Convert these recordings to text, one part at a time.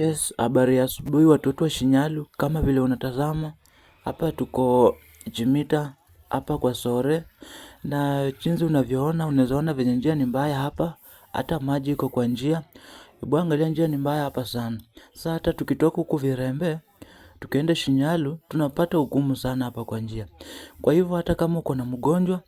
Yes, habari ya asubuhi watoto wa Shinyalu, kama vile unatazama hapa, tuko jimita hapa kwa sore, na jinsi unavyoona, unawezaona venye njia ni mbaya hapa, hata maji iko kwa njia. Hebu angalia, njia ni mbaya hapa sana. Sasa hata tukitoka huku Virembe Tukienda Shinyalu tunapata ugumu sana hapa kwa njia. Kwa hivyo hata kama uko na mgonjwa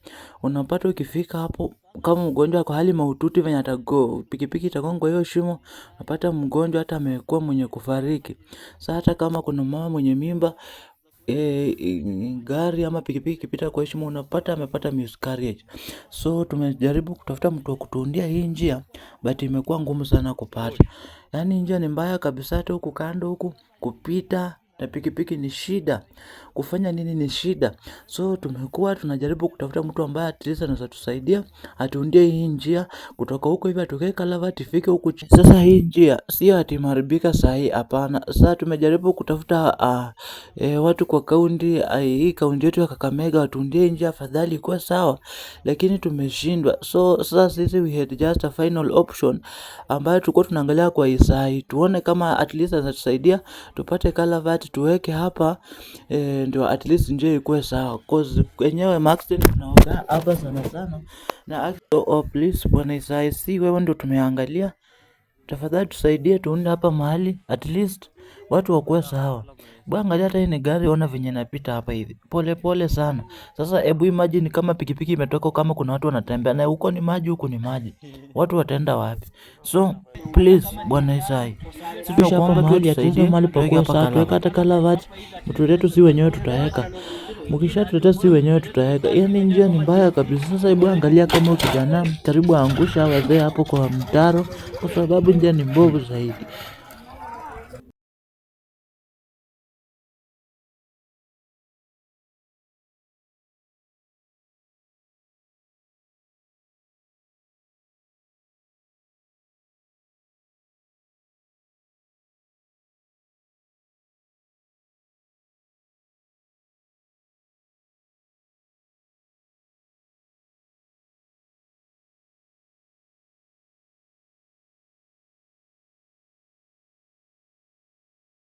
unapata ukifika hapo kama mgonjwa ako hali mahututi venye atago pikipiki itagonga hiyo shimo unapata mgonjwa hata amekuwa mwenye kufariki. Sasa hata kama kuna mama mwenye mimba E, e gari ama pikipiki ikipita kwa heshima unapata amepata miscarriage. So tumejaribu kutafuta mtu wa kutundia hii njia but imekuwa ngumu sana kupata. Yaani njia ni mbaya kabisa hata huku kando huku kupita na pikipiki ni shida, kufanya nini ni shida. So tumekuwa tunajaribu kutafuta mtu ambaye at least anaweza tusaidia atuundie hii njia kutoka huko hivi atokee Kalava ifike huku Sasa hii njia sio ati imeharibika saa hii, hapana. Sasa tumejaribu kutafuta uh, e, watu kwa kaunti uh, hii kaunti yetu ya Kakamega watuundie njia afadhali kwa sawa, lakini tumeshindwa. So sasa sisi we had just a final option ambayo tulikuwa tunaangalia kwa isaa, tuone kama at least anatusaidia tupate Kalava tuweke hapa e, ndio at least njia ikuwe sawa, cause wenyewe max tunaoga hapa sana sana na so, oh, please bwana Isai, si wewe ndio tumeangalia, tafadhali tusaidie tuunde hapa mahali at least watu wakuwe sawa. Bwana angalia hata ni gari, ona venye napita hapa hivi pole pole sana. Sasa hebu imagine kama pikipiki imetoka, kama kuna watu wanatembea na huko ni maji, huko ni maji, watu wataenda wapi? So please bwana Isai sivyo kwamba tuliatunza mahali pakuwa sawa, tuweka hata kalavati, mtutetu si wenyewe tutaweka mkisha tuteta si wenyewe tutaweka. Yani njia ni mbaya kabisa. Sasa hebu angalia kama ukijana karibu angusha wazee hapo kwa mtaro, kwa sababu njia ni mbovu zaidi.